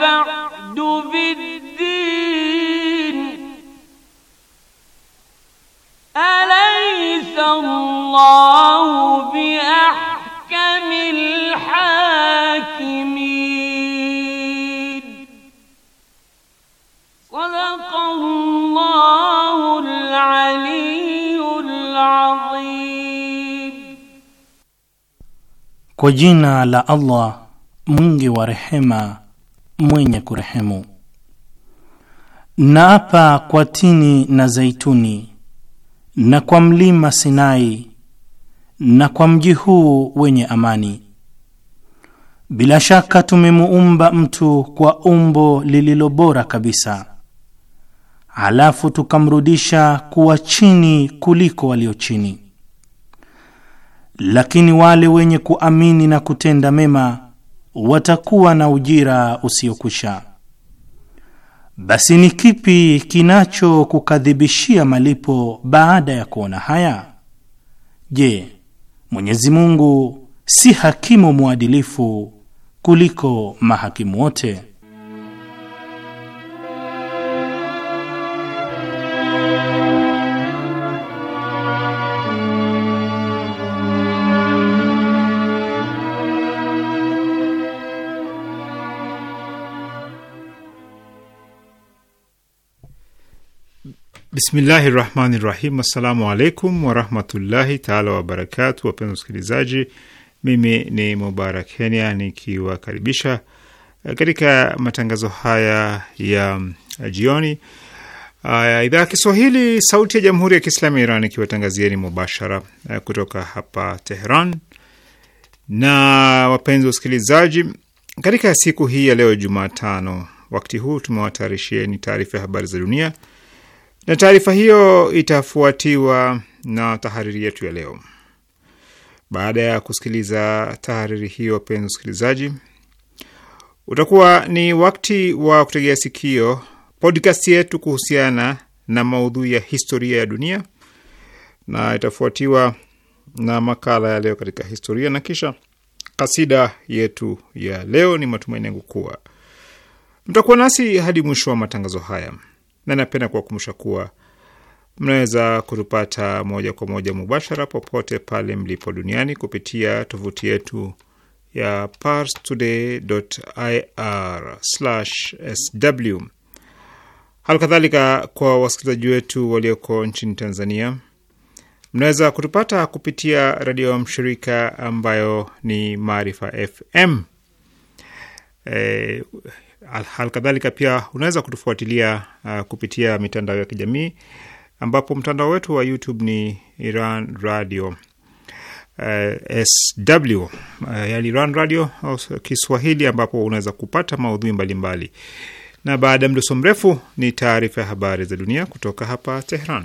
بعد بالدين أليس الله بأحكم الحاكمين صدق الله العلي العظيم Kwa jina la Allah mwingi wa rehema mwenye kurehemu. Na apa kwa tini na zaituni na kwa mlima Sinai na kwa mji huu wenye amani. Bila shaka tumemuumba mtu kwa umbo lililo bora kabisa, halafu tukamrudisha kuwa chini kuliko walio chini. Lakini wale wenye kuamini na kutenda mema watakuwa na ujira usiokwisha. Basi ni kipi kinachokukadhibishia malipo baada ya kuona haya? Je, Mwenyezi Mungu si hakimu mwadilifu kuliko mahakimu wote? Bismillahi rahmani rahim. Assalamu alaikum warahmatullahi taala wabarakatu. Wapenzi wasikilizaji, mimi ni Mubarak Kenya nikiwakaribisha eh, katika matangazo haya ya eh, jioni Uh, idhaa ya Kiswahili sauti ya Jamhuri ya Kiislamu ya Iran ikiwatangazieni mubashara uh, kutoka hapa Tehran. Na wapenzi wasikilizaji, katika siku hii ya leo Jumatano, wakati huu tumewatayarishieni taarifa ya habari za dunia na taarifa hiyo itafuatiwa na tahariri yetu ya leo. Baada ya kusikiliza tahariri hiyo, wapenzi usikilizaji, utakuwa ni wakati wa kutegea sikio podcast yetu kuhusiana na maudhui ya historia ya dunia, na itafuatiwa na makala ya leo katika historia na kisha kasida yetu ya leo. Ni matumaini yangu kuwa mtakuwa nasi hadi mwisho wa matangazo haya na napenda kuwakumbusha kuwa mnaweza kutupata moja kwa moja mubashara popote pale mlipo duniani kupitia tovuti yetu ya parstoday.ir/sw. Halikadhalika, kwa wasikilizaji wetu walioko nchini Tanzania, mnaweza kutupata kupitia redio mshirika ambayo ni Maarifa FM. E, eh, kadhalika pia unaweza kutufuatilia uh, kupitia mitandao ya kijamii ambapo mtandao wetu wa YouTube ni Iran Radio uh, sw uh, yani Iran Radio uh, Kiswahili, ambapo unaweza kupata maudhui mbalimbali mbali. Na baada ya mdoso mrefu ni taarifa ya habari za dunia kutoka hapa Tehran.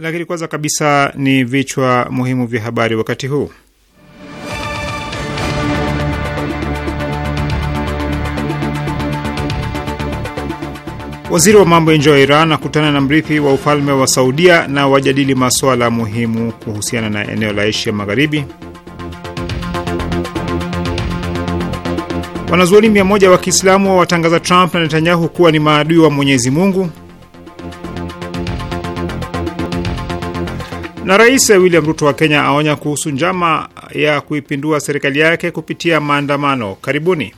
Lakini kwanza kabisa ni vichwa muhimu vya habari wakati huu. Waziri wa mambo ya nje wa Iran akutana na mrithi wa ufalme wa Saudia na wajadili masuala muhimu kuhusiana na eneo la Asia Magharibi. Wanazuoni mia moja wa Kiislamu wawatangaza Trump na Netanyahu kuwa ni maadui wa Mwenyezi Mungu. Na Rais William Ruto wa Kenya aonya kuhusu njama ya kuipindua serikali yake kupitia maandamano. Karibuni.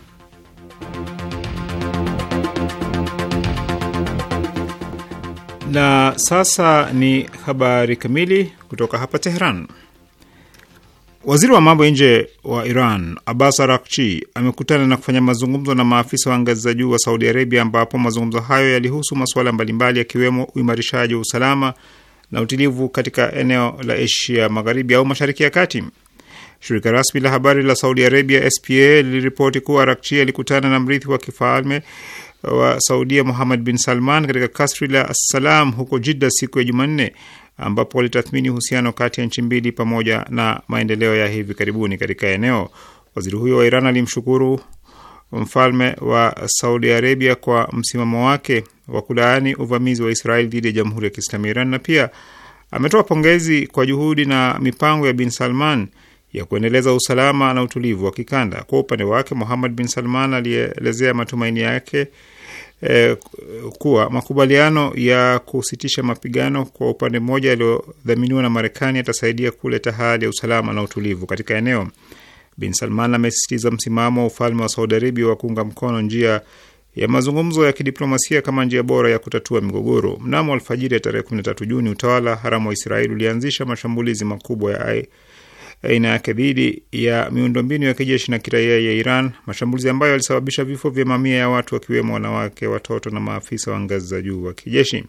Na sasa ni habari kamili kutoka hapa teheran Waziri wa mambo ya nje wa Iran Abbas Arakchi amekutana na kufanya mazungumzo na maafisa wa ngazi za juu wa Saudi Arabia, ambapo mazungumzo hayo yalihusu masuala mbalimbali yakiwemo uimarishaji wa usalama na utulivu katika eneo la Asia Magharibi au Mashariki ya Kati. Shirika rasmi la habari la Saudi Arabia SPA liliripoti kuwa Arakchi alikutana na mrithi wa kifalme uh, wa Saudia Muhammad bin Salman katika kasri la Assalam huko Jidda siku ya Jumanne, ambapo walitathmini uhusiano kati ya nchi mbili pamoja na maendeleo ya hivi karibuni katika eneo. Waziri huyo wa Iran alimshukuru mfalme wa Saudi Arabia kwa msimamo wake wa kulaani uvamizi wa Israeli dhidi ya Jamhuri ya Kiislamu ya Iran na pia ametoa pongezi kwa juhudi na mipango ya Bin Salman ya kuendeleza usalama na utulivu wa kikanda. Kwa upande wake, Muhammad Bin Salman alielezea matumaini yake eh, kuwa makubaliano ya kusitisha mapigano kwa upande mmoja yaliyodhaminiwa na Marekani yatasaidia kuleta hali ya usalama na utulivu katika eneo. Bin Salman amesisitiza msimamo wa ufalme wa Saudi Arabia wa kuunga mkono njia ya mazungumzo ya kidiplomasia kama njia bora ya kutatua migogoro. Mnamo alfajiri ya tarehe 13 Juni, utawala haramu wa Israeli ulianzisha mashambulizi makubwa ya aina yake dhidi ya miundombinu ya kijeshi na kiraia ya Iran, mashambulizi ambayo yalisababisha vifo vya mamia ya watu, wakiwemo wanawake, watoto na maafisa wa ngazi za juu wa kijeshi.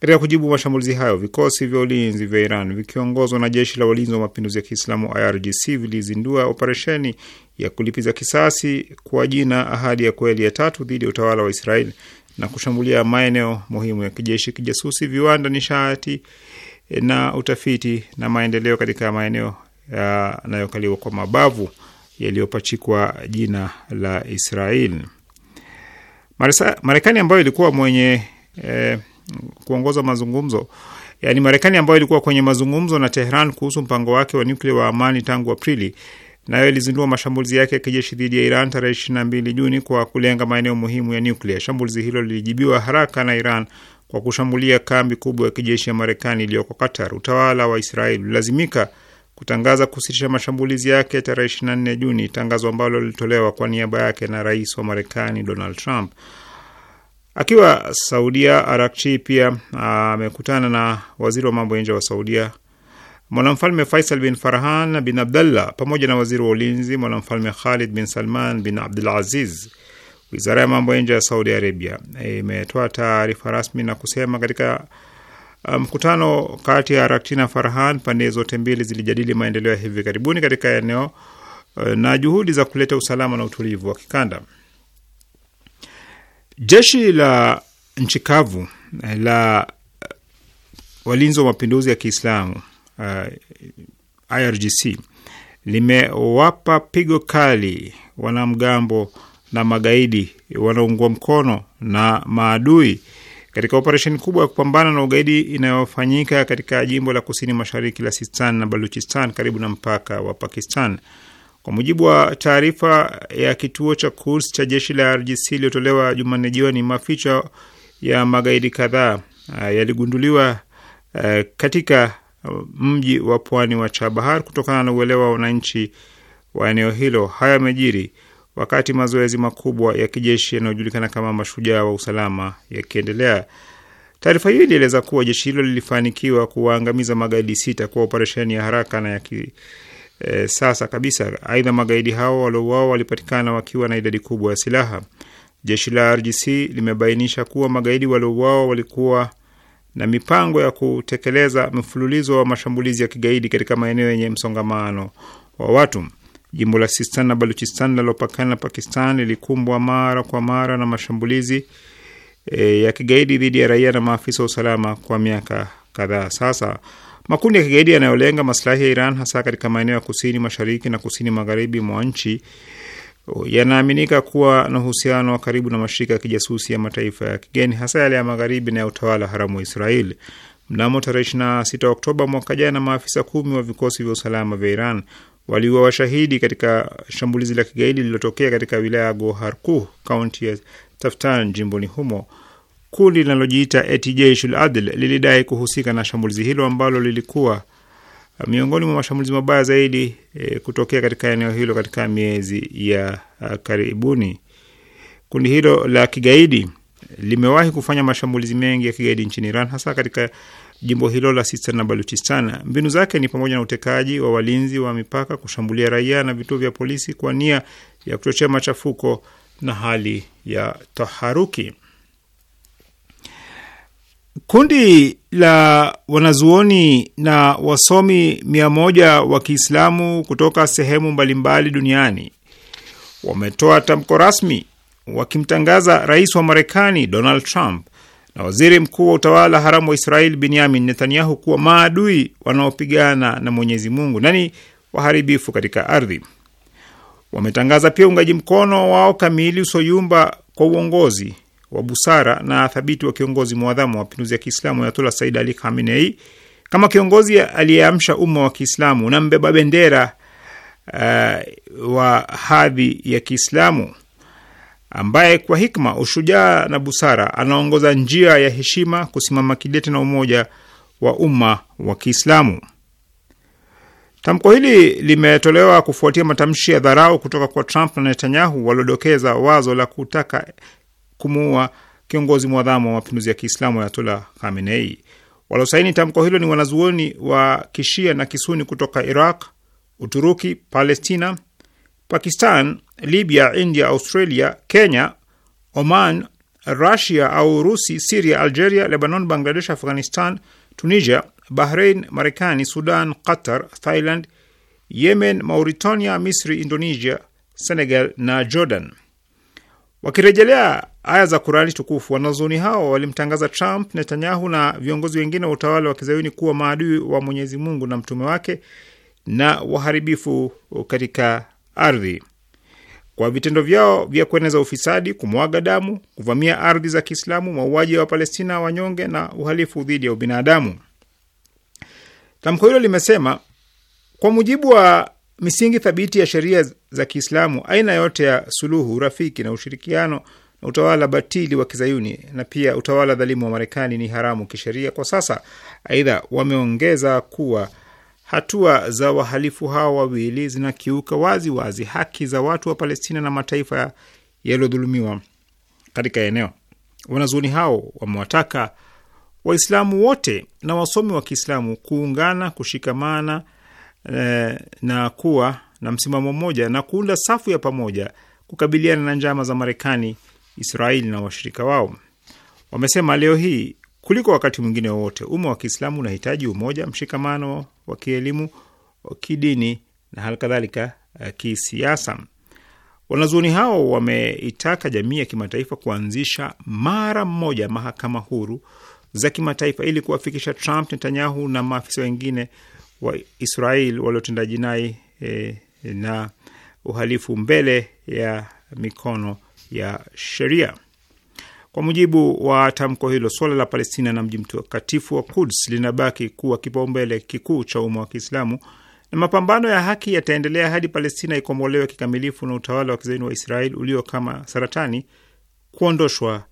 Katika kujibu mashambulizi hayo, vikosi vya ulinzi vya Iran vikiongozwa na jeshi la walinzi wa mapinduzi ya Kiislamu IRGC vilizindua operesheni ya kulipiza kisasi kwa jina Ahadi ya Kweli ya tatu dhidi ya utawala wa israel na kushambulia maeneo muhimu ya kijeshi, kijasusi, viwanda, nishati eh, na utafiti na maendeleo katika maeneo yanayokaliwa kwa mabavu yaliyopachikwa jina la israel Marekani ambayo ilikuwa mwenye eh, kuongoza mazungumzo. Yaani Marekani ambayo ilikuwa kwenye mazungumzo na Tehran kuhusu mpango wake wa nyuklia wa amani tangu Aprili, nayo ilizindua mashambulizi yake ya kijeshi dhidi ya Iran tarehe 22 Juni kwa kulenga maeneo muhimu ya nyuklia. Shambulizi hilo lilijibiwa haraka na Iran kwa kushambulia kambi kubwa ya kijeshi ya Marekani iliyoko Qatar. Utawala wa Israeli ulilazimika kutangaza kusitisha mashambulizi yake tarehe 24 Juni, tangazo ambalo lilitolewa kwa niaba yake na rais wa Marekani Donald Trump. Akiwa Saudia, Arakchi pia ah, amekutana na waziri wa mambo ya nje wa Saudia mwanamfalme Faisal bin Farhan bin Abdallah pamoja na waziri wa ulinzi mwanamfalme Khalid bin Salman bin Abdul Aziz. Wizara ya mambo ya nje ya Saudi Arabia eh, imetoa e, taarifa rasmi na kusema katika ah, mkutano um, kati ya Arakchi na Farhan, pande zote mbili zilijadili maendeleo ya hivi karibuni katika eneo eh, na juhudi za kuleta usalama na utulivu wa kikanda. Jeshi la nchi kavu eh, la eh, walinzi wa mapinduzi ya Kiislamu uh, eh, IRGC limewapa pigo kali wanamgambo na magaidi wanaungwa mkono na maadui katika operesheni kubwa ya kupambana na ugaidi inayofanyika katika jimbo la kusini mashariki la Sistan na Baluchistan karibu na mpaka wa Pakistan. Kwa mujibu wa taarifa ya kituo cha Kurs cha jeshi la RGC iliyotolewa Jumanne jioni, maficho ya magaidi kadhaa eh, yaligunduliwa eh, katika eh, mji wa pwani wa Chabahar kutokana na uelewa wa wananchi wa eneo hilo. Haya yamejiri wakati mazoezi makubwa ya kijeshi yanayojulikana kama Mashujaa wa Usalama yakiendelea. Taarifa hiyo ilieleza kuwa jeshi hilo lilifanikiwa kuwaangamiza magaidi sita kwa operesheni ya haraka na ya e, sasa kabisa. Aidha, magaidi hao waliouawa walipatikana wakiwa na idadi kubwa ya silaha. Jeshi la RGC limebainisha kuwa magaidi waliouawa walikuwa na mipango ya kutekeleza mfululizo wa mashambulizi ya kigaidi katika maeneo yenye msongamano wa watu. Jimbo la Sistan na Baluchistan linalopakana na Pakistan lilikumbwa mara kwa mara na mashambulizi e, ya kigaidi dhidi ya raia na maafisa wa usalama kwa miaka kadhaa sasa. Makundi ya kigaidi yanayolenga masilahi ya Iran hasa katika maeneo ya kusini mashariki na kusini magharibi mwa nchi yanaaminika kuwa na uhusiano wa karibu na mashirika ya kijasusi ya mataifa ya kigeni hasa yale ya magharibi na ya utawala haramu wa israel Mnamo tarehe 26 Oktoba mwaka jana, maafisa kumi wa vikosi vya usalama vya Iran waliuwa washahidi katika shambulizi la kigaidi lililotokea katika wilaya ya Goharkuh, kaunti ya Taftan, jimboni humo. Kundi linalojiita eti Jeshul Adl lilidai kuhusika na shambulizi hilo ambalo lilikuwa eh, miongoni mwa mashambulizi mabaya zaidi e, kutokea katika eneo hilo katika miezi ya eh, karibuni. Kundi hilo la kigaidi limewahi kufanya mashambulizi mengi ya kigaidi nchini Iran, hasa katika jimbo hilo la Sistan na Baluchistan. Mbinu zake ni pamoja na utekaji wa walinzi wa mipaka, kushambulia raia na vituo vya polisi kwa nia ya kuchochea machafuko na hali ya taharuki. Kundi la wanazuoni na wasomi mia moja wa Kiislamu kutoka sehemu mbalimbali duniani wametoa tamko rasmi wakimtangaza rais wa Marekani Donald Trump na waziri mkuu wa utawala haramu wa Israel Benyamin Netanyahu kuwa maadui wanaopigana na Mwenyezi Mungu na ni waharibifu katika ardhi. Wametangaza pia uungaji mkono wao kamili usoyumba kwa uongozi wa busara na thabiti wa kiongozi mwadhamu wa mapinduzi ya Kiislamu Ayatullah Said Ali Khamenei kama kiongozi aliyeamsha umma wa Kiislamu na mbeba bendera uh, wa hadhi ya Kiislamu ambaye kwa hikma, ushujaa na busara anaongoza njia ya heshima, kusimama kidete na umoja wa umma wa Kiislamu. Tamko hili limetolewa kufuatia matamshi ya dharau kutoka kwa Trump na Netanyahu waliodokeza wazo la kutaka kumuua kiongozi mwadhamu wa mapinduzi ya Kiislamu Ayatollah Khamenei. Waliosaini tamko hilo ni wanazuoni wa kishia na kisuni kutoka Iraq, Uturuki, Palestina, Pakistan, Libya, India, Australia, Kenya, Oman, Rusia au Urusi, Siria, Algeria, Lebanon, Bangladesh, Afghanistan, Tunisia, Bahrain, Marekani, Sudan, Qatar, Thailand, Yemen, Mauritania, Misri, Indonesia, Senegal na Jordan. Wakirejelea aya za Kurani tukufu. Wanazoni hao walimtangaza Trump, Netanyahu na viongozi wengine wa utawala wa kizayuni kuwa maadui wa Mwenyezi Mungu na mtume wake na waharibifu katika ardhi. Kwa vitendo vyao vya kueneza ufisadi, kumwaga damu, kuvamia ardhi za Kiislamu, mauaji ya Wapalestina wanyonge na uhalifu dhidi ya ubinadamu. Tamko hilo limesema, kwa mujibu wa misingi thabiti ya sheria za Kiislamu, aina yote ya suluhu, urafiki na ushirikiano utawala batili wa kizayuni na pia utawala dhalimu wa Marekani ni haramu kisheria kwa sasa. Aidha, wameongeza kuwa hatua za wahalifu hao wawili zinakiuka wazi wazi haki za watu wa Palestina na mataifa yaliyodhulumiwa katika eneo. Wanazuoni hao wamewataka Waislamu wote na wasomi wa Kiislamu kuungana, kushikamana eh, na kuwa na msimamo mmoja na kuunda safu ya pamoja kukabiliana na njama za Marekani Israeli na washirika wao. Wamesema leo hii kuliko wakati mwingine wowote, umma wa Kiislamu unahitaji umoja, mshikamano wa kielimu, kidini na hali kadhalika eh, kisiasa. Wanazuoni hao wameitaka jamii ya kimataifa kuanzisha mara mmoja mahakama huru za kimataifa ili kuwafikisha Trump, Netanyahu na maafisa wengine wa Israel waliotenda jinai eh, na uhalifu mbele ya mikono ya sheria. Kwa mujibu wa tamko hilo, suala la Palestina na mji mtakatifu wa Kuds linabaki kuwa kipaumbele kikuu cha umma wa Kiislamu na mapambano ya haki yataendelea hadi Palestina ikombolewe kikamilifu na utawala wa kizaini wa Israeli ulio kama saratani kuondoshwa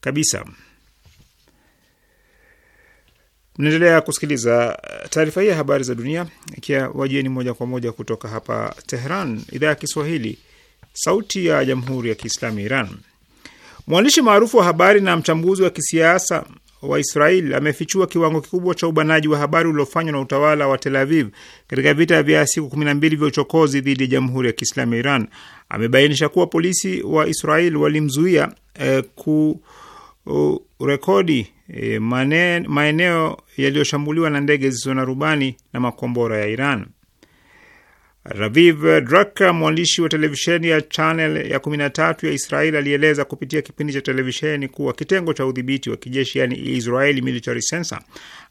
kabisa. Mnaendelea kusikiliza uh, taarifa hii ya habari za dunia ikiwa wajieni moja kwa moja kutoka hapa Tehran, idhaa ya Kiswahili, Sauti ya Jamhuri ya Kiislamu Iran. Mwandishi maarufu wa habari na mchambuzi wa kisiasa wa Israel amefichua kiwango kikubwa cha ubanaji wa habari uliofanywa na utawala wa Tel Aviv katika vita vya siku 12 vya uchokozi dhidi ya Jamhuri ya Kiislamu ya Iran. Amebainisha kuwa polisi wa Israel walimzuia eh, kurekodi uh, eh, maeneo yaliyoshambuliwa na ndege zisizo na rubani na makombora ya Iran. Raviv Draka, mwandishi wa televisheni ya Channel ya 13 ya Israel, alieleza kupitia kipindi cha televisheni kuwa kitengo cha udhibiti wa kijeshi yani Israeli Military Censor,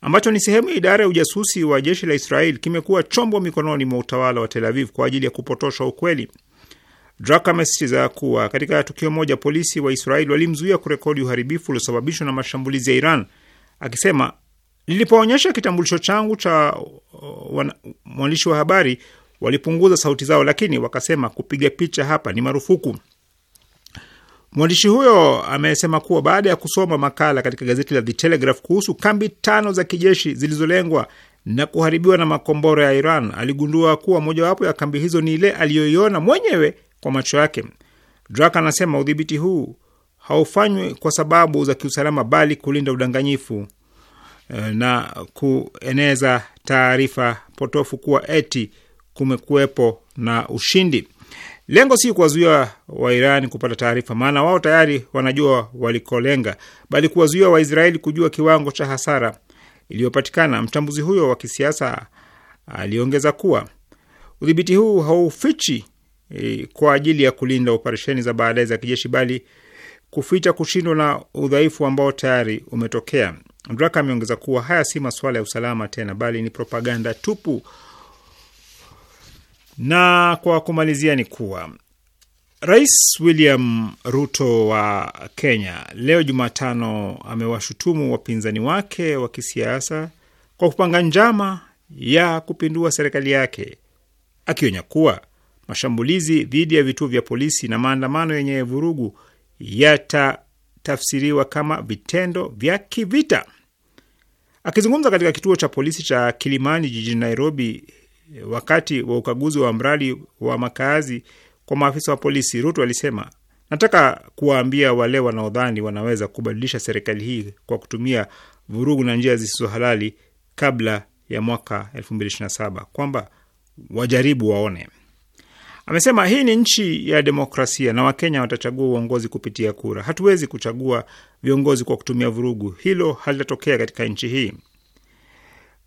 ambacho ni sehemu ya idara ya ujasusi wa jeshi la Israel, kimekuwa chombo mikononi mwa utawala wa Tel Aviv kwa ajili ya kupotosha ukweli. Draka amesisitiza kuwa katika tukio moja polisi wa Israeli walimzuia kurekodi uharibifu uliosababishwa na mashambulizi ya Iran, akisema nilipoonyesha kitambulisho changu cha uh, mwandishi wa habari walipunguza sauti zao, lakini wakasema kupiga picha hapa ni marufuku. Mwandishi huyo amesema kuwa baada ya kusoma makala katika gazeti la The Telegraph kuhusu kambi tano za kijeshi zilizolengwa na kuharibiwa na makombora ya Iran, aligundua kuwa mojawapo ya kambi hizo ni ile aliyoiona mwenyewe kwa macho yake. Drak anasema udhibiti huu haufanywi kwa sababu za kiusalama, bali kulinda udanganyifu eh, na kueneza taarifa potofu kuwa eti kumekuwepo na ushindi. Lengo si kuwazuia Wairani kupata taarifa, maana wao tayari wanajua walikolenga, bali kuwazuia Waisraeli kujua kiwango cha hasara iliyopatikana. Mchambuzi huyo wa kisiasa aliongeza kuwa udhibiti huu haufichi e, kwa ajili ya kulinda operesheni za baadaye za kijeshi, bali kuficha kushindwa na udhaifu ambao tayari umetokea. Draka ameongeza kuwa haya si masuala ya usalama tena, bali ni propaganda tupu na kwa kumalizia ni kuwa Rais William Ruto wa Kenya leo Jumatano amewashutumu wapinzani wake wa kisiasa kwa kupanga njama ya kupindua serikali yake, akionya kuwa mashambulizi dhidi ya vituo vya polisi na maandamano yenye vurugu yatatafsiriwa kama vitendo vya kivita. Akizungumza katika kituo cha polisi cha Kilimani jijini Nairobi wakati wa ukaguzi wa mradi wa makazi kwa maafisa wa polisi, Ruto alisema, nataka kuwaambia wale wanaodhani wanaweza kubadilisha serikali hii kwa kutumia vurugu na njia zisizo halali kabla ya mwaka 2027 kwamba wajaribu waone. Amesema hii ni nchi ya demokrasia na Wakenya watachagua uongozi kupitia kura. Hatuwezi kuchagua viongozi kwa kutumia vurugu, hilo halitatokea katika nchi hii.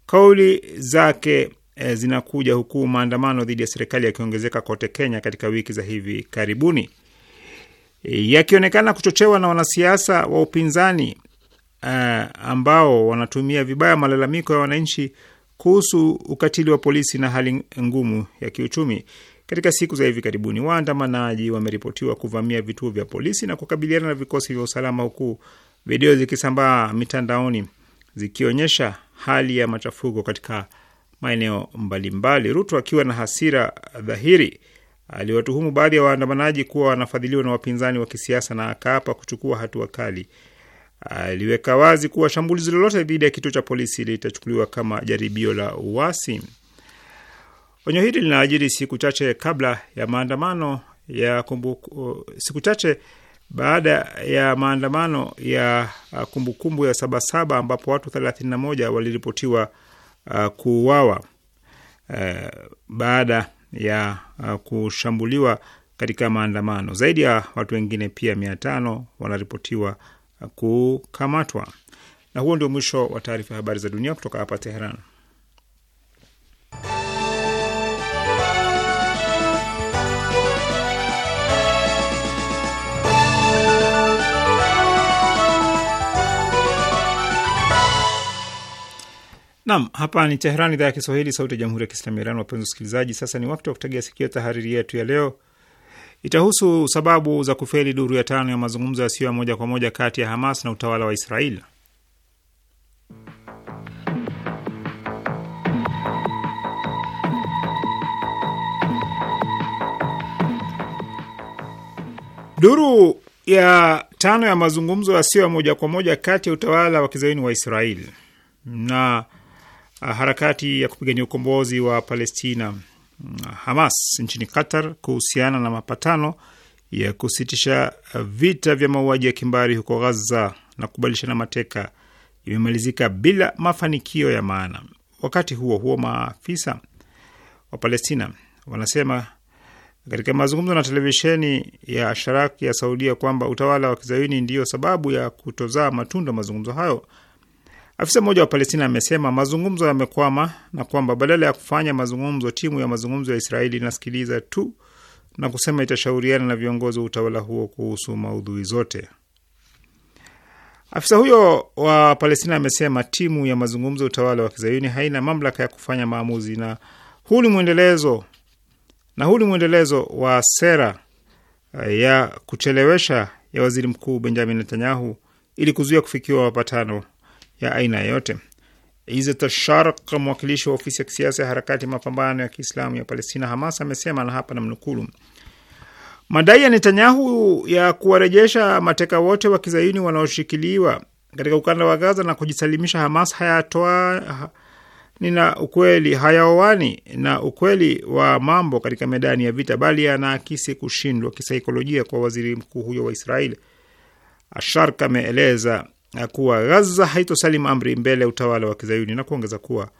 Kauli zake E, zinakuja huku maandamano dhidi ya serikali yakiongezeka kote Kenya katika wiki za hivi karibuni e, yakionekana kuchochewa na wanasiasa wa upinzani e, ambao wanatumia vibaya malalamiko ya wananchi kuhusu ukatili wa polisi na hali ngumu ya kiuchumi. Katika siku za hivi karibuni, waandamanaji wameripotiwa kuvamia vituo vya polisi na kukabiliana na vikosi vya usalama, huku video zikisambaa mitandaoni zikionyesha hali ya machafuko katika maeneo mbalimbali. Ruto akiwa na hasira dhahiri aliwatuhumu baadhi ya waandamanaji kuwa wanafadhiliwa na wapinzani wa kisiasa na akaapa kuchukua hatua kali. Aliweka wazi kuwa shambulizi lolote dhidi ya kituo cha polisi litachukuliwa kama jaribio la uasi. Onyo hili linaajiri siku chache kabla ya maandamano ya kumbuku, siku chache baada ya maandamano ya kumbukumbu ya Sabasaba ambapo watu 31 waliripotiwa uh, kuuawa uh, baada ya uh, kushambuliwa katika maandamano. Zaidi ya watu wengine pia mia tano wanaripotiwa uh, kukamatwa. Na huo ndio mwisho wa taarifa ya habari za dunia kutoka hapa Teheran. Nam, hapa ni Teheran, idhaa ya Kiswahili, sauti ya jamhuri ya kiislamu ya Iran. Wapenzi wasikilizaji, sasa ni wakati wa kutegea sikio. Tahariri yetu ya leo itahusu sababu za kufeli duru ya tano ya mazungumzo yasiyo ya moja kwa moja kati ya Hamas na utawala wa israel Duru ya tano ya mazungumzo yasiyo ya moja kwa moja kati ya utawala wa kizaini wa israel na Ah, harakati ya kupigania ukombozi wa Palestina ah, Hamas nchini Qatar kuhusiana na mapatano ya kusitisha vita vya mauaji ya kimbari huko Gaza na kubadilishana mateka imemalizika bila mafanikio ya maana. Wakati huo huo, maafisa wa Palestina wanasema katika mazungumzo na televisheni ya Sharaki ya Saudia kwamba utawala wa kizayuni ndiyo sababu ya kutozaa matunda mazungumzo hayo Afisa mmoja wa Palestina amesema mazungumzo yamekwama na kwamba badala ya kufanya mazungumzo, timu ya mazungumzo ya Israeli inasikiliza tu na kusema itashauriana na viongozi wa utawala huo kuhusu maudhui zote. Afisa huyo wa Palestina amesema timu ya mazungumzo ya utawala wa kizayuni haina mamlaka ya kufanya maamuzi, na huu ni mwendelezo na huu ni mwendelezo wa sera eh, ya kuchelewesha ya waziri mkuu Benjamin Netanyahu ili kuzuia kufikiwa mapatano ya aina yoyote. Izzat Sharq, mwakilishi wa ofisi ya kisiasa ya harakati ya mapambano ya Kiislamu ya Palestina, Hamas, amesema na hapa namnukuu: madai ya Netanyahu ya kuwarejesha mateka wote wa kizayuni wanaoshikiliwa katika ukanda wa Gaza na kujisalimisha Hamas hayatoa nina ukweli hayaoani na ukweli wa mambo katika medani ya vita, bali yanaakisi kushindwa kisaikolojia kwa waziri mkuu huyo wa Israeli. Asharka ameeleza kuwa Ghaza haitosalim amri mbele ya utawala wa kizayuni na kuongeza kuwa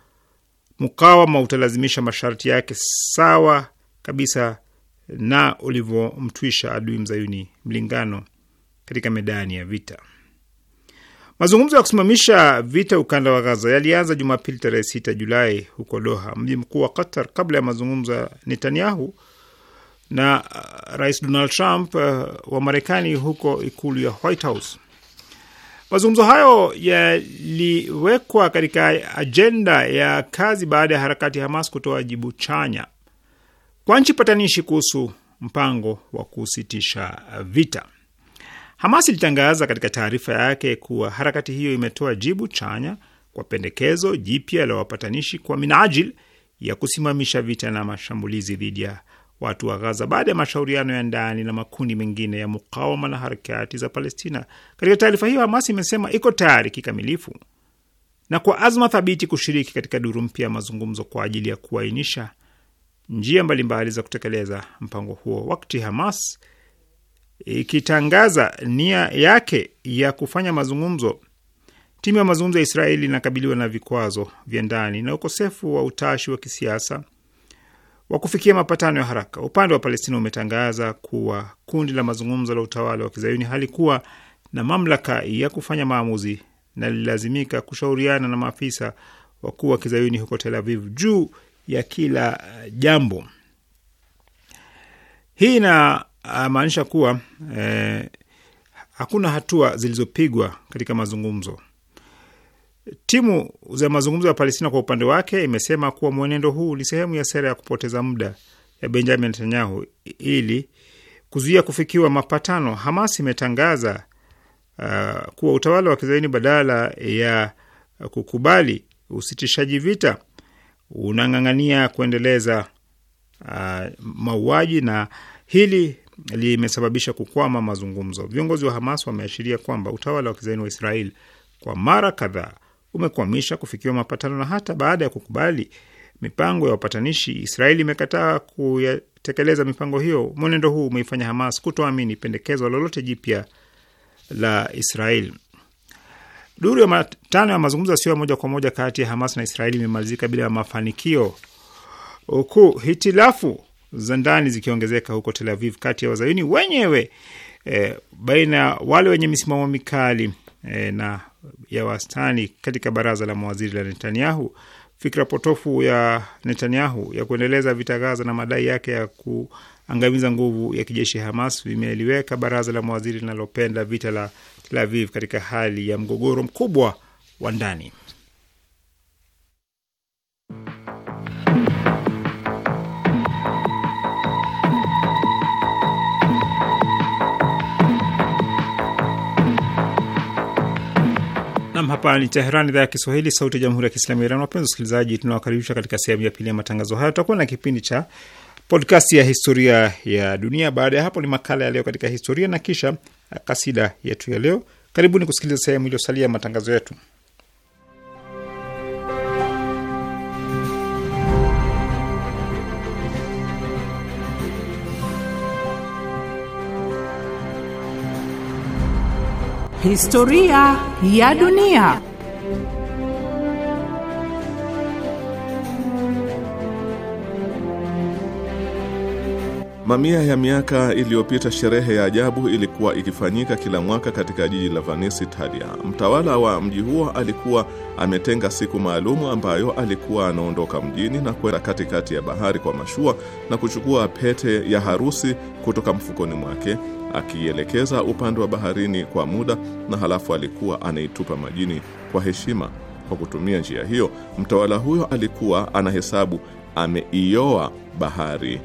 mukawama utalazimisha masharti yake sawa kabisa na ulivyomtwisha adui mzayuni mlingano katika medani ya vita. Mazungumzo ya kusimamisha vita ukanda wa Gaza yalianza Jumapili tarehe 6 Julai huko Doha, mji mkuu wa Qatar, kabla ya mazungumzo ya Netanyahu na uh, Rais Donald Trump uh, wa Marekani huko ikulu ya White House. Mazungumzo hayo yaliwekwa katika ajenda ya kazi baada ya harakati Hamas kutoa jibu chanya kwa nchi patanishi kuhusu mpango wa kusitisha vita. Hamas ilitangaza katika taarifa yake kuwa harakati hiyo imetoa jibu chanya kwa pendekezo jipya la wapatanishi kwa minajil ya kusimamisha vita na mashambulizi dhidi ya watu wa Ghaza baada ya mashauriano ya ndani na makundi mengine ya mukawama na harakati za Palestina. Katika taarifa hiyo, Hamas imesema iko tayari kikamilifu na kwa azma thabiti kushiriki katika duru mpya ya mazungumzo kwa ajili ya kuainisha njia mbalimbali za kutekeleza mpango huo, wakati Hamas ikitangaza nia yake ya kufanya mazungumzo. Timu ya mazungumzo ya Israeli inakabiliwa na vikwazo vya ndani na ukosefu wa utashi wa kisiasa wa kufikia mapatano ya haraka. Upande wa Palestina umetangaza kuwa kundi la mazungumzo la utawala wa kizayuni halikuwa na mamlaka ya kufanya maamuzi na lililazimika kushauriana na maafisa wakuu wa kizayuni huko Tel Aviv juu ya kila uh, jambo. Hii inamaanisha uh, kuwa eh, hakuna hatua zilizopigwa katika mazungumzo Timu za mazungumzo ya Palestina kwa upande wake imesema kuwa mwenendo huu ni sehemu ya sera ya kupoteza muda ya Benjamin Netanyahu ili kuzuia kufikiwa mapatano. Hamas imetangaza uh, kuwa utawala wa kizaini badala ya kukubali usitishaji vita unang'ang'ania kuendeleza uh, mauaji na hili limesababisha kukwama mazungumzo. Viongozi wa Hamas wameashiria kwamba utawala wa kizaini wa israel kwa mara kadhaa umekwamisha kufikiwa mapatano na hata baada ya kukubali mipango ya wapatanishi, Israeli imekataa kuyatekeleza mipango hiyo. Mwenendo huu umeifanya Hamas kutoamini pendekezo lolote jipya la Israeli. Duru ya matano ya mazungumzo yasiyo moja kwa moja kati ya Hamas na Israeli imemalizika bila ya mafanikio, huku hitilafu za ndani zikiongezeka huko Tel Aviv kati ya wazayuni wenyewe eh, baina ya wale wenye misimamo mikali eh, na ya wastani katika baraza la mawaziri la Netanyahu. Fikra potofu ya Netanyahu ya kuendeleza vita Gaza na madai yake ya kuangamiza nguvu ya kijeshi Hamas vimeliweka baraza la mawaziri linalopenda vita la Tel Aviv katika hali ya mgogoro mkubwa wa ndani. Nam, hapa ni Teheran, idhaa ya Kiswahili, sauti ya jamhuri ya kiislamu ya Iran. Wapenzi wasikilizaji, tunawakaribisha katika sehemu ya pili ya matangazo haya. Tutakuwa na kipindi cha podcast ya historia ya dunia. Baada ya hapo ni makala ya leo katika historia na kisha kasida yetu ya leo. Karibuni kusikiliza sehemu iliyosalia matangazo yetu. Historia ya dunia. Mamia ya miaka iliyopita, sherehe ya ajabu ilikuwa ikifanyika kila mwaka katika jiji la Venice, Italia. Mtawala wa mji huo alikuwa ametenga siku maalumu ambayo alikuwa anaondoka mjini na kwenda katikati ya bahari kwa mashua na kuchukua pete ya harusi kutoka mfukoni mwake akiielekeza upande wa baharini kwa muda, na halafu alikuwa anaitupa majini kwa heshima. Kwa kutumia njia hiyo, mtawala huyo alikuwa anahesabu ameioa bahari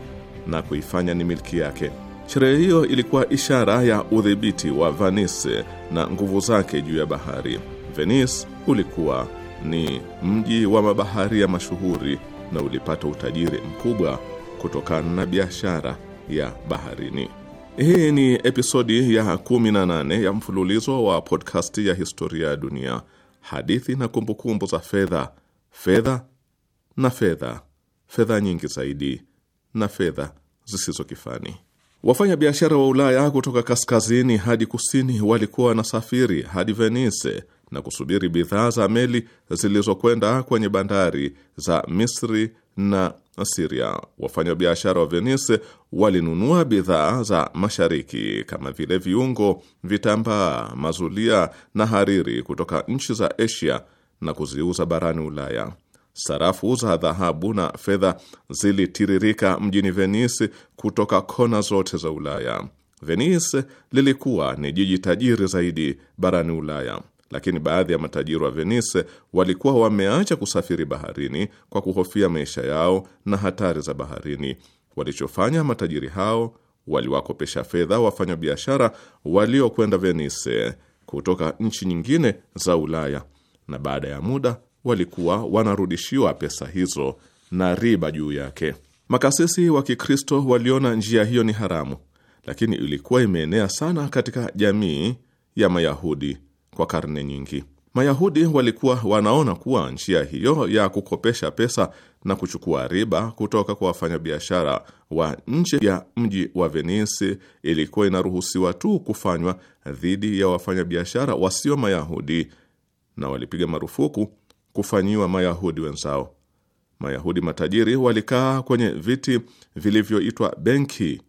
na kuifanya ni milki yake. Sherehe hiyo ilikuwa ishara ya udhibiti wa Venice na nguvu zake juu ya bahari. Venice ulikuwa ni mji wa mabaharia mashuhuri na ulipata utajiri mkubwa kutokana na biashara ya baharini. Hii ni episodi ya 18 ya mfululizo wa podkasti ya historia ya dunia, hadithi na kumbukumbu za fedha, fedha na fedha, fedha nyingi zaidi na fedha zisizo kifani. biashara wa Ulaya kutoka kaskazini hadi kusini walikuwa wanasafiri hadi Venice na kusubiri bidhaa za meli zilizokwenda kwenye bandari za Misri na Siria. Wafanyabiashara wa Venice walinunua bidhaa za mashariki kama vile viungo, vitambaa, mazulia na hariri kutoka nchi za Asia na kuziuza barani Ulaya. Sarafu za dhahabu na fedha zilitiririka mjini Venice kutoka kona zote za Ulaya. Venice lilikuwa ni jiji tajiri zaidi barani Ulaya lakini baadhi ya matajiri wa Venice walikuwa wameacha kusafiri baharini kwa kuhofia maisha yao na hatari za baharini. Walichofanya, matajiri hao waliwakopesha fedha wafanyabiashara waliokwenda Venice kutoka nchi nyingine za Ulaya, na baada ya muda walikuwa wanarudishiwa pesa hizo na riba juu yake. Makasisi wa Kikristo waliona njia hiyo ni haramu, lakini ilikuwa imeenea sana katika jamii ya Mayahudi kwa karne nyingi. Mayahudi walikuwa wanaona kuwa njia hiyo ya kukopesha pesa na kuchukua riba kutoka kwa wafanyabiashara wa nje ya mji wa Venisi ilikuwa inaruhusiwa tu kufanywa dhidi ya wafanyabiashara wasio Mayahudi, na walipiga marufuku kufanyiwa Mayahudi wenzao. Mayahudi matajiri walikaa kwenye viti vilivyoitwa benki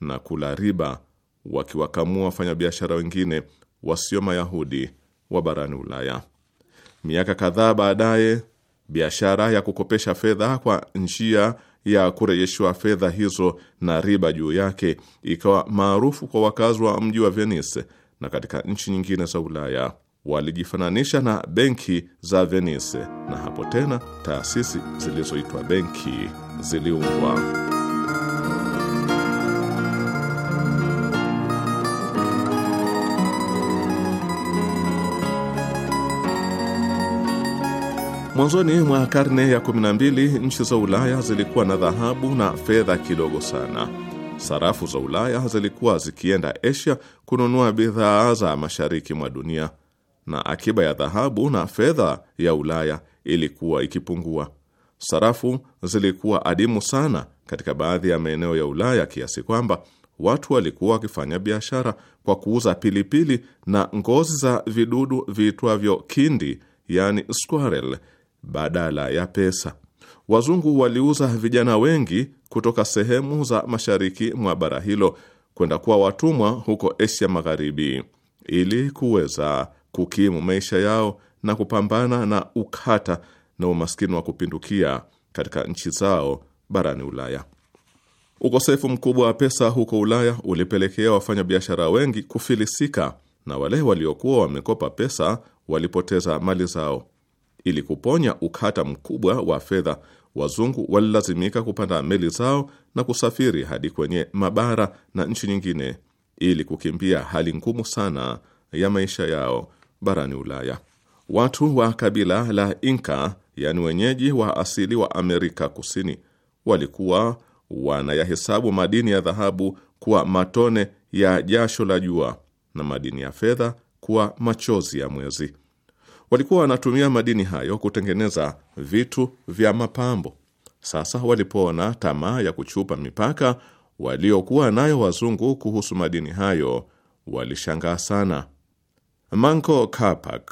na kula riba, wakiwakamua wafanyabiashara wengine wasio Mayahudi wa barani Ulaya. Miaka kadhaa baadaye, biashara ya kukopesha fedha kwa njia ya kurejeshwa fedha hizo na riba juu yake ikawa maarufu kwa wakazi wa mji wa Venice na katika nchi nyingine za Ulaya. Walijifananisha na benki za Venice na hapo tena taasisi zilizoitwa benki ziliungwa Mwanzoni mwa karne ya 12 nchi za Ulaya zilikuwa na dhahabu na fedha kidogo sana. Sarafu za Ulaya zilikuwa zikienda Asia kununua bidhaa za mashariki mwa dunia, na akiba ya dhahabu na fedha ya Ulaya ilikuwa ikipungua. Sarafu zilikuwa adimu sana katika baadhi ya maeneo ya Ulaya kiasi kwamba watu walikuwa wakifanya biashara kwa kuuza pilipili na ngozi za vidudu viitwavyo kindi, yani squirrel badala ya pesa. Wazungu waliuza vijana wengi kutoka sehemu za mashariki mwa bara hilo kwenda kuwa watumwa huko Asia Magharibi ili kuweza kukimu maisha yao na kupambana na ukata na umaskini wa kupindukia katika nchi zao barani Ulaya. Ukosefu mkubwa wa pesa huko Ulaya ulipelekea wafanyabiashara wengi kufilisika na wale waliokuwa wamekopa pesa walipoteza mali zao. Ili kuponya ukata mkubwa wa fedha, wazungu walilazimika kupanda meli zao na kusafiri hadi kwenye mabara na nchi nyingine ili kukimbia hali ngumu sana ya maisha yao barani Ulaya. Watu wa kabila la Inka, yaani wenyeji wa asili wa Amerika Kusini, walikuwa wanayahesabu madini ya dhahabu kuwa matone ya jasho la jua na madini ya fedha kuwa machozi ya mwezi. Walikuwa wanatumia madini hayo kutengeneza vitu vya mapambo. Sasa walipoona tamaa ya kuchupa mipaka waliokuwa nayo wazungu kuhusu madini hayo, walishangaa sana. Manco Capac,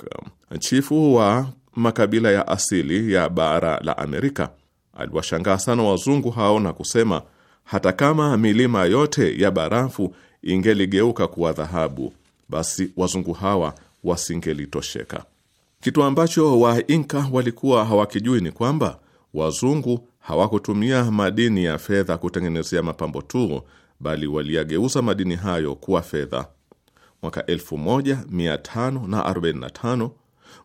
chifu wa makabila ya asili ya bara la Amerika, aliwashangaa sana wazungu hao na kusema, hata kama milima yote ya barafu ingeligeuka kuwa dhahabu, basi wazungu hawa wasingelitosheka. Kitu ambacho Wainka walikuwa hawakijui ni kwamba wazungu hawakutumia madini ya fedha kutengenezea mapambo tu, bali waliyageuza madini hayo kuwa fedha. Mwaka 1545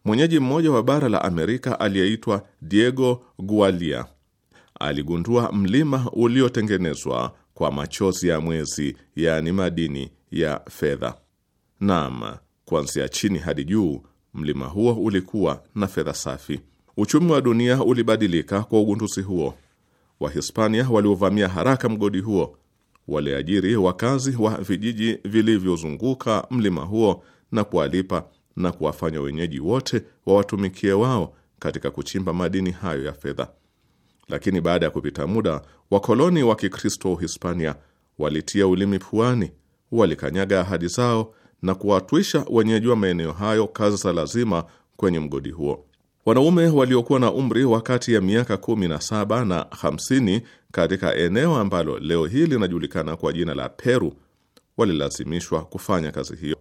mwenyeji mmoja wa bara la Amerika aliyeitwa Diego Gualia aligundua mlima uliotengenezwa kwa machozi ya mwezi, yaani madini ya fedha. Naam, kuanzia chini hadi juu mlima huo ulikuwa na fedha safi. Uchumi wa dunia ulibadilika kwa ugunduzi huo. Wahispania waliovamia haraka mgodi huo waliajiri wakazi wa vijiji vilivyozunguka mlima huo na kuwalipa na kuwafanya wenyeji wote wawatumikie wao katika kuchimba madini hayo ya fedha. Lakini baada ya kupita muda, wakoloni wa Kikristo Hispania walitia ulimi puani, walikanyaga ahadi zao na kuwatwisha wenyeji wa maeneo hayo kazi za lazima kwenye mgodi huo. Wanaume waliokuwa na umri wa kati ya miaka 17 na 50 katika eneo ambalo leo hii linajulikana kwa jina la Peru walilazimishwa kufanya kazi hiyo.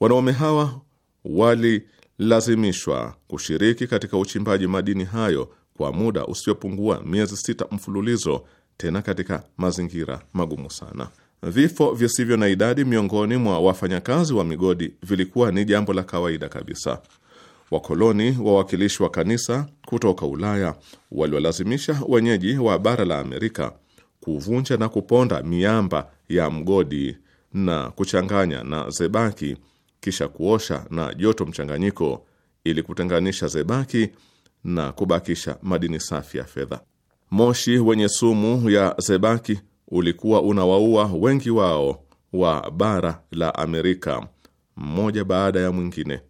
Wanaume hawa walilazimishwa kushiriki katika uchimbaji madini hayo kwa muda usiopungua miezi sita mfululizo, tena katika mazingira magumu sana vifo visivyo na idadi miongoni mwa wafanyakazi wa migodi vilikuwa ni jambo la kawaida kabisa. Wakoloni, wawakilishi wa kanisa kutoka Ulaya, waliwalazimisha wenyeji wa bara la Amerika kuvunja na kuponda miamba ya mgodi na kuchanganya na zebaki, kisha kuosha na joto mchanganyiko ili kutenganisha zebaki na kubakisha madini safi ya fedha. Moshi wenye sumu ya zebaki ulikuwa unawaua wengi wao wa bara la Amerika mmoja baada ya mwingine.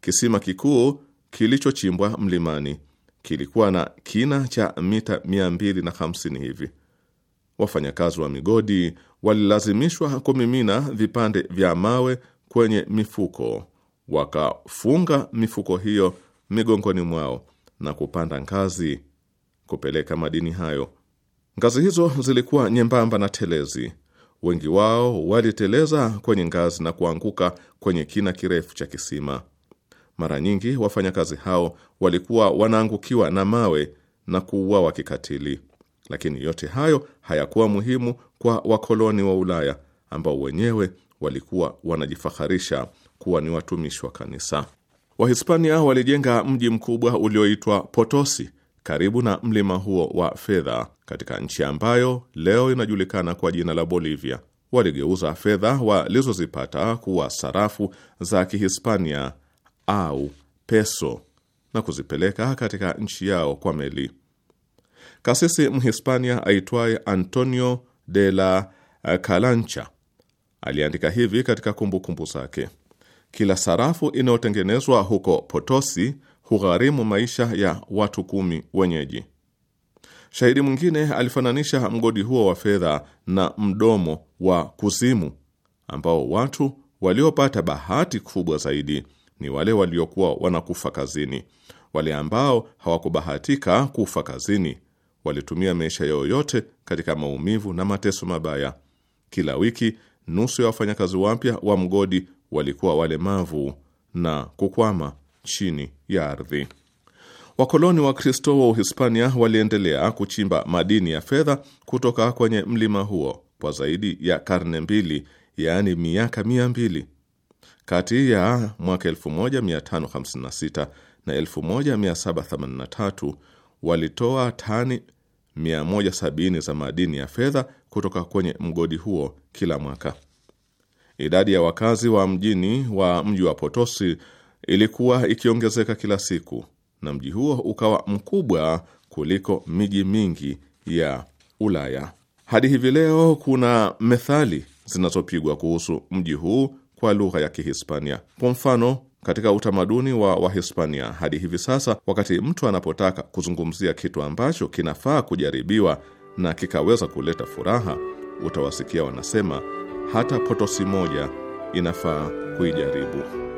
Kisima kikuu kilichochimbwa mlimani kilikuwa na kina cha mita 250 hivi. Wafanyakazi wa migodi walilazimishwa kumimina vipande vya mawe kwenye mifuko, wakafunga mifuko hiyo migongoni mwao na kupanda ngazi kupeleka madini hayo Ngazi hizo zilikuwa nyembamba na telezi. Wengi wao waliteleza kwenye ngazi na kuanguka kwenye kina kirefu cha kisima. Mara nyingi wafanyakazi hao walikuwa wanaangukiwa na mawe na kuuawa kikatili, lakini yote hayo hayakuwa muhimu kwa wakoloni wa Ulaya ambao wenyewe walikuwa wanajifaharisha kuwa ni watumishi wa kanisa. Wahispania walijenga mji mkubwa ulioitwa Potosi karibu na mlima huo wa fedha katika nchi ambayo leo inajulikana kwa jina la Bolivia. Waligeuza fedha walizozipata kuwa sarafu za Kihispania au peso na kuzipeleka katika nchi yao kwa meli. Kasisi Mhispania aitwaye Antonio de la Calancha aliandika hivi katika kumbukumbu zake: kila sarafu inayotengenezwa huko Potosi hugharimu maisha ya watu kumi wenyeji. Shahidi mwingine alifananisha mgodi huo wa fedha na mdomo wa kuzimu ambao watu waliopata bahati kubwa zaidi ni wale waliokuwa wanakufa kazini. Wale ambao hawakubahatika kufa kazini walitumia maisha yao yote katika maumivu na mateso mabaya. Kila wiki nusu ya wafanyakazi wapya wa mgodi walikuwa walemavu na kukwama chini ya ardhi. Wakoloni wa Kristo wa Uhispania waliendelea kuchimba madini ya fedha kutoka kwenye mlima huo kwa zaidi ya karne mbili, yaani miaka mia mbili. Kati ya mwaka 1556 na 1783 walitoa tani 170 za madini ya fedha kutoka kwenye mgodi huo kila mwaka. Idadi ya wakazi wa mjini wa mji wa Potosi ilikuwa ikiongezeka kila siku na mji huo ukawa mkubwa kuliko miji mingi ya Ulaya. Hadi hivi leo kuna methali zinazopigwa kuhusu mji huu kwa lugha ya Kihispania. Kwa mfano, katika utamaduni wa Wahispania hadi hivi sasa, wakati mtu anapotaka kuzungumzia kitu ambacho kinafaa kujaribiwa na kikaweza kuleta furaha, utawasikia wanasema hata potosi moja inafaa kuijaribu.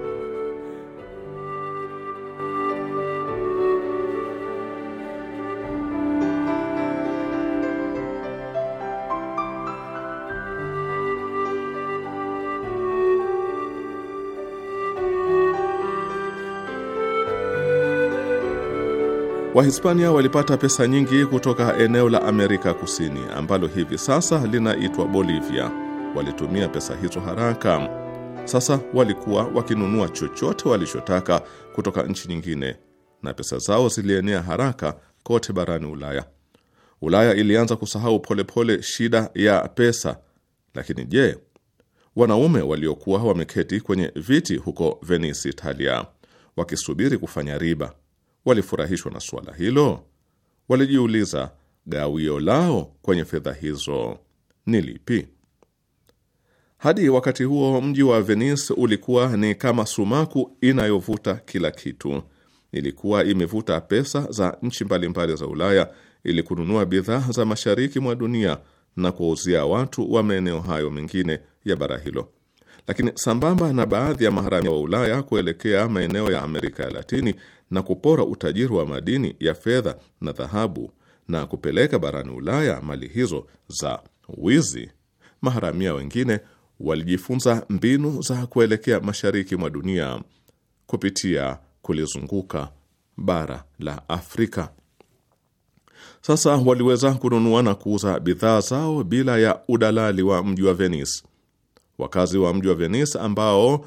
Wahispania walipata pesa nyingi kutoka eneo la Amerika Kusini ambalo hivi sasa linaitwa Bolivia. Walitumia pesa hizo haraka. Sasa walikuwa wakinunua chochote walichotaka kutoka nchi nyingine, na pesa zao zilienea haraka kote barani Ulaya. Ulaya ilianza kusahau polepole pole shida ya pesa. Lakini je, wanaume waliokuwa wameketi kwenye viti huko Venice, Italia, wakisubiri kufanya riba walifurahishwa na suala hilo? Walijiuliza, gawio lao kwenye fedha hizo ni lipi? Hadi wakati huo mji wa Venice ulikuwa ni kama sumaku inayovuta kila kitu. Ilikuwa imevuta pesa za nchi mbalimbali za Ulaya ili kununua bidhaa za mashariki mwa dunia na kuwauzia watu wa maeneo hayo mengine ya bara hilo. Lakini sambamba na baadhi ya maharamia wa Ulaya kuelekea maeneo ya Amerika ya Latini na kupora utajiri wa madini ya fedha na dhahabu na kupeleka barani Ulaya mali hizo za wizi, maharamia wengine walijifunza mbinu za kuelekea mashariki mwa dunia kupitia kulizunguka bara la Afrika. Sasa waliweza kununua na kuuza bidhaa zao bila ya udalali wa mji wa Venice. Wakazi wa mji wa Venice ambao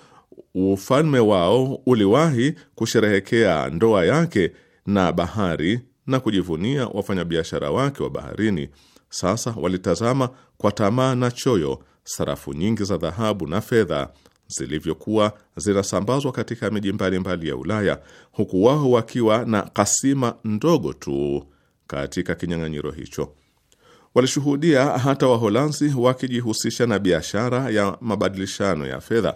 ufalme wao uliwahi kusherehekea ndoa yake na bahari na kujivunia wafanyabiashara wake wa baharini. Sasa walitazama kwa tamaa na choyo sarafu nyingi za dhahabu na fedha zilivyokuwa zinasambazwa katika miji mbalimbali ya Ulaya, huku wao wakiwa na kasima ndogo tu katika kinyang'anyiro hicho. Walishuhudia hata Waholanzi wakijihusisha na biashara ya mabadilishano ya fedha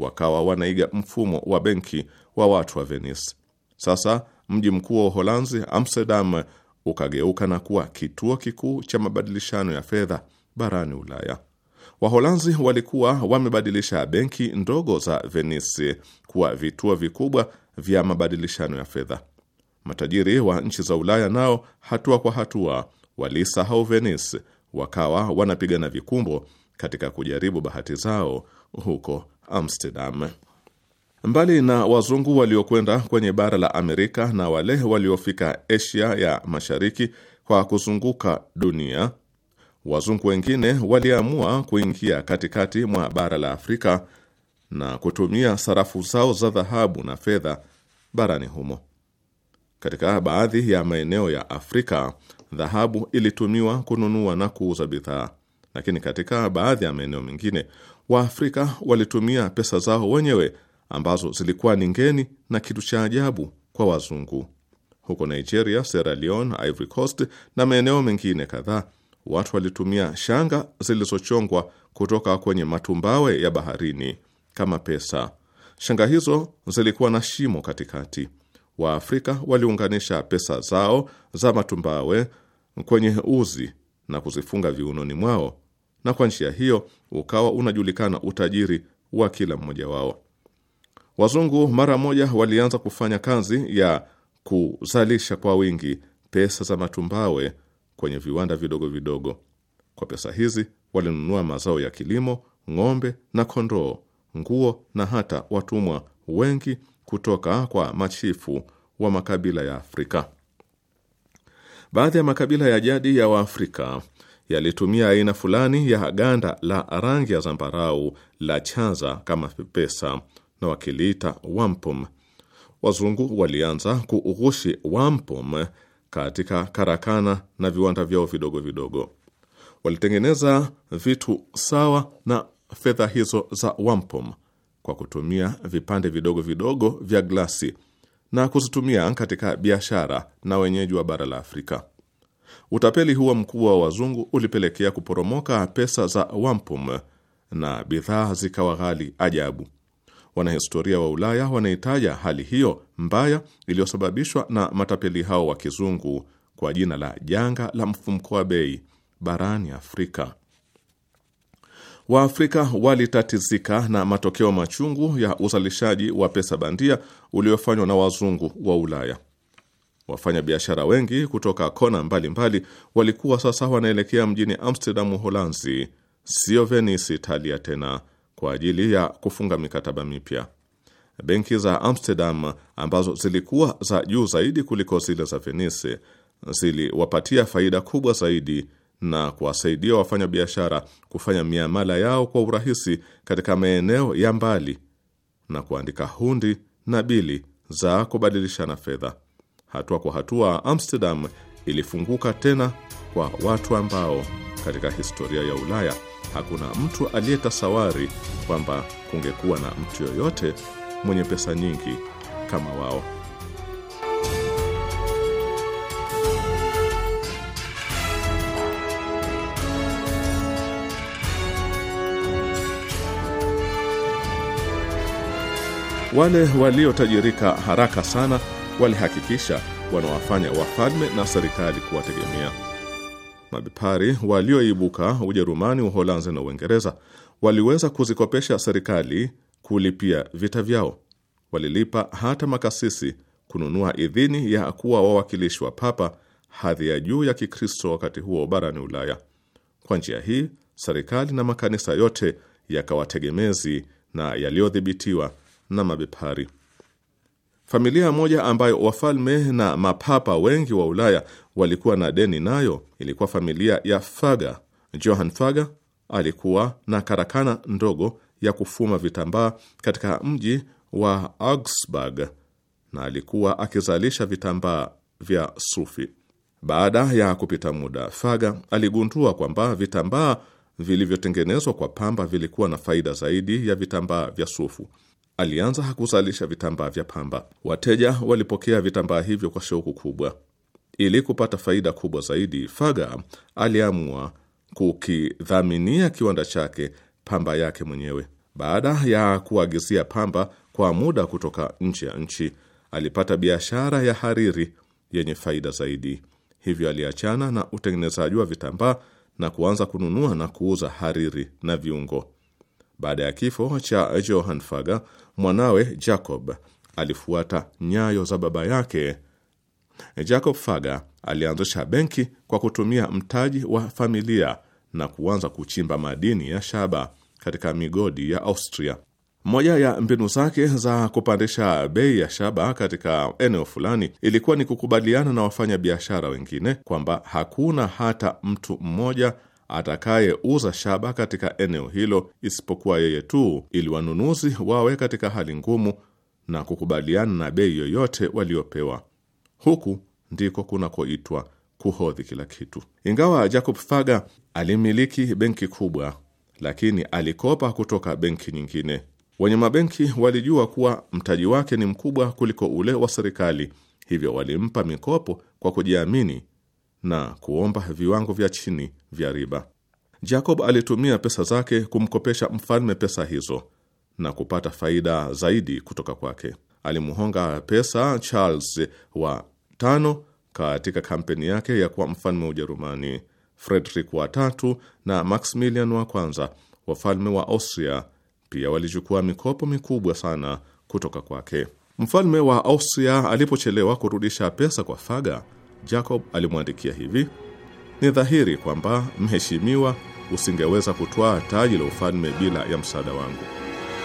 wakawa wanaiga mfumo wa benki wa watu wa Venice. Sasa mji mkuu wa Uholanzi, Amsterdam, ukageuka na kuwa kituo kikuu cha mabadilishano ya fedha barani Ulaya. Waholanzi walikuwa wamebadilisha benki ndogo za Venice kuwa vituo vikubwa vya mabadilishano ya fedha. Matajiri wa nchi za Ulaya nao hatua kwa hatua walisahau Venice, wakawa wanapigana vikumbo katika kujaribu bahati zao huko Amsterdam. Mbali na wazungu waliokwenda kwenye bara la Amerika na wale waliofika Asia ya Mashariki kwa kuzunguka dunia, wazungu wengine waliamua kuingia katikati mwa bara la Afrika na kutumia sarafu zao za dhahabu na fedha barani humo. Katika baadhi ya maeneo ya Afrika, dhahabu ilitumiwa kununua na kuuza bidhaa, lakini katika baadhi ya maeneo mengine Waafrika walitumia pesa zao wenyewe ambazo zilikuwa ni ngeni na kitu cha ajabu kwa wazungu. Huko Nigeria, Sierra Leone, Ivory Coast na maeneo mengine kadhaa, watu walitumia shanga zilizochongwa kutoka kwenye matumbawe ya baharini kama pesa. Shanga hizo zilikuwa na shimo katikati. Waafrika waliunganisha pesa zao za matumbawe kwenye uzi na kuzifunga viunoni mwao na kwa njia hiyo ukawa unajulikana utajiri wa kila mmoja wao. Wazungu mara moja walianza kufanya kazi ya kuzalisha kwa wingi pesa za matumbawe kwenye viwanda vidogo vidogo. Kwa pesa hizi walinunua mazao ya kilimo, ng'ombe na kondoo, nguo na hata watumwa wengi kutoka kwa machifu wa makabila ya Afrika. Baadhi ya makabila ya jadi ya Waafrika yalitumia aina fulani ya ganda la rangi ya zambarau la chaza kama pesa na wakiliita wampum. Wazungu walianza kuughushi wampum katika karakana na viwanda vyao vidogo vidogo. Walitengeneza vitu sawa na fedha hizo za wampum kwa kutumia vipande vidogo vidogo vya glasi na kuzitumia katika biashara na wenyeji wa bara la Afrika. Utapeli huo mkuu wa wazungu ulipelekea kuporomoka pesa za wampum na bidhaa zikawa ghali ajabu. Wanahistoria wa Ulaya wanaitaja hali hiyo mbaya iliyosababishwa na matapeli hao wa kizungu kwa jina la janga la mfumko wa bei barani Afrika. Waafrika walitatizika na matokeo machungu ya uzalishaji wa pesa bandia uliofanywa na wazungu wa Ulaya. Wafanyabiashara wengi kutoka kona mbalimbali mbali, walikuwa sasa wanaelekea mjini Amsterdam, Uholanzi, sio Venice, Italia tena kwa ajili ya kufunga mikataba mipya. Benki za Amsterdam ambazo zilikuwa za juu zaidi kuliko zile za Venice ziliwapatia faida kubwa zaidi na kuwasaidia wafanyabiashara kufanya miamala yao kwa urahisi katika maeneo ya mbali na kuandika hundi na bili za kubadilishana fedha. Hatua kwa hatua, Amsterdam ilifunguka tena kwa watu ambao katika historia ya Ulaya hakuna mtu aliyetasawari kwamba kungekuwa na mtu yoyote mwenye pesa nyingi kama wao. Wale waliotajirika haraka sana walihakikisha wanawafanya wafalme na serikali kuwategemea. Mabepari walioibuka Ujerumani, Uholanzi na Uingereza waliweza kuzikopesha serikali kulipia vita vyao. Walilipa hata makasisi kununua idhini ya kuwa wawakilishi wa papa, hadhi ya juu ya Kikristo wakati huo barani Ulaya. Kwa njia hii, serikali na makanisa yote yakawategemezi na yaliyodhibitiwa na mabepari. Familia moja ambayo wafalme na mapapa wengi wa Ulaya walikuwa na deni nayo ilikuwa familia ya Faga. Johann Faga alikuwa na karakana ndogo ya kufuma vitambaa katika mji wa Augsburg na alikuwa akizalisha vitambaa vya sufi. Baada ya kupita muda, Faga aligundua kwamba vitambaa vilivyotengenezwa kwa pamba vilikuwa na faida zaidi ya vitambaa vya sufu alianza hakuzalisha vitambaa vya pamba. Wateja walipokea vitambaa hivyo kwa shauku kubwa. Ili kupata faida kubwa zaidi, Faga aliamua kukidhaminia kiwanda chake pamba yake mwenyewe. Baada ya kuagizia pamba kwa muda kutoka nje ya nchi, alipata biashara ya hariri yenye faida zaidi. Hivyo aliachana na utengenezaji wa vitambaa na kuanza kununua na kuuza hariri na viungo. Baada ya kifo cha Johann Faga, Mwanawe Jacob alifuata nyayo za baba yake. Jacob Faga alianzisha benki kwa kutumia mtaji wa familia na kuanza kuchimba madini ya shaba katika migodi ya Austria. Moja ya mbinu zake za kupandisha bei ya shaba katika eneo fulani ilikuwa ni kukubaliana na wafanyabiashara wengine kwamba hakuna hata mtu mmoja atakayeuza shaba katika eneo hilo isipokuwa yeye tu, ili wanunuzi wawe katika hali ngumu na kukubaliana na bei yoyote waliopewa. Huku ndiko kunakoitwa kuhodhi kila kitu. Ingawa Jacob Faga alimiliki benki kubwa, lakini alikopa kutoka benki nyingine. Wenye mabenki walijua kuwa mtaji wake ni mkubwa kuliko ule wa serikali, hivyo walimpa mikopo kwa kujiamini na kuomba viwango vya chini vya riba. Jacob alitumia pesa zake kumkopesha mfalme pesa hizo na kupata faida zaidi kutoka kwake. Alimhonga pesa Charles wa tano katika kampeni yake ya kuwa mfalme wa Ujerumani. Frederick wa tatu na Maximilian wa kwanza, wafalme wa Austria, pia walichukua mikopo mikubwa sana kutoka kwake. Mfalme wa Austria alipochelewa kurudisha pesa kwa Faga Jacob alimwandikia hivi: ni dhahiri kwamba mheshimiwa, usingeweza kutwaa taji la ufalme bila ya msaada wangu,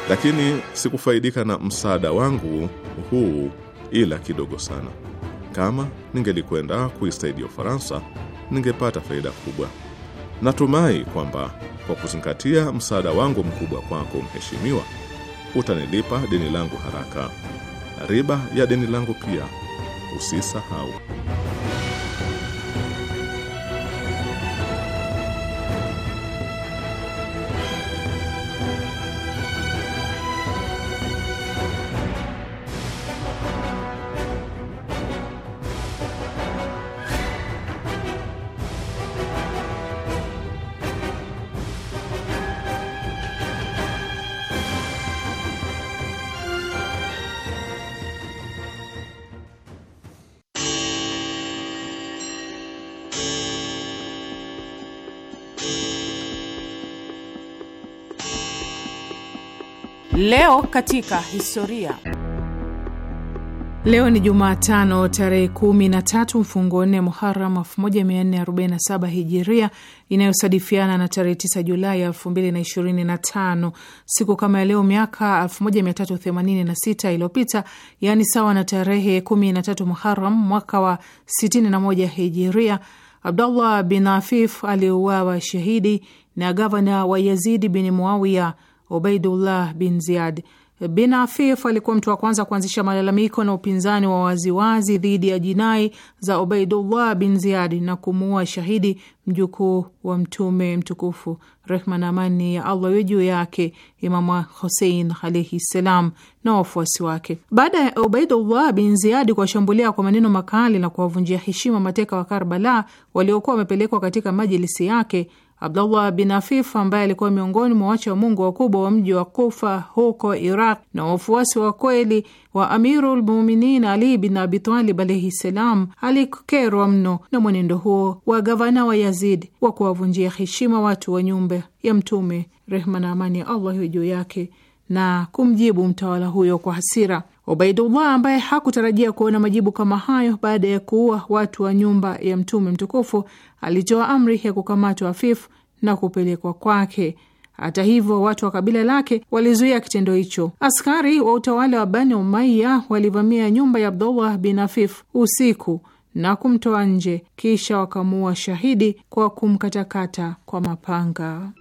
lakini sikufaidika na msaada wangu huu ila kidogo sana. Kama ningelikwenda kuisaidia Ufaransa, ningepata faida kubwa. Natumai kwamba kwa kuzingatia msaada wangu mkubwa kwako, mheshimiwa, utanilipa deni langu haraka, riba ya deni langu pia usisahau. Leo katika historia. Leo ni Jumatano tarehe kumi na tatu mfungo nne Muharam 1447 Hijiria inayosadifiana na tarehe 9 Julai 2025. Siku kama ya leo miaka 1386 iliyopita, yaani sawa na tarehe 13 Muharam mwaka wa 61 Hijiria, Abdullah bin Afif aliuawa shahidi na gavana wa Yazidi bin Muawiya Obeidullah bin Ziad bin Afif alikuwa mtu wa kwanza kuanzisha malalamiko na upinzani wa waziwazi dhidi ya jinai za ubaidullah bin Ziyad na kumuua shahidi mjukuu wa Mtume mtukufu, rehma na amani ya Allah iwe juu yake, Imamu Husein alaihi ssalam na wafuasi wake. Baada ya ubaidullah bin Ziyadi kuwashambulia kwa maneno makali na kuwavunjia heshima mateka wa Karbala waliokuwa wamepelekwa katika majilisi yake, Abdullah bin Afif ambaye alikuwa miongoni mwa wacha wa Mungu wakubwa wa mji wa Kufa huko Iraq na wafuasi wa kweli wa Amirul Muminin Ali bin Abitalib alaihi ssalam, alikerwa mno na mwenendo huo wa gavana wa Yazid wa kuwavunjia heshima watu wa nyumba ya Mtume, rehma na amani ya Allah juu yake, na kumjibu mtawala huyo kwa hasira. Ubaidullah ambaye hakutarajia kuona majibu kama hayo baada ya kuua watu wa nyumba ya mtume mtukufu, alitoa amri ya kukamatwa Afifu na kupelekwa kwake. Hata hivyo, watu wa kabila lake walizuia kitendo hicho. Askari wa utawala wa Bani Umaiya walivamia nyumba ya Abdullah bin Afif usiku na kumtoa nje, kisha wakamuua shahidi kwa kumkatakata kwa mapanga.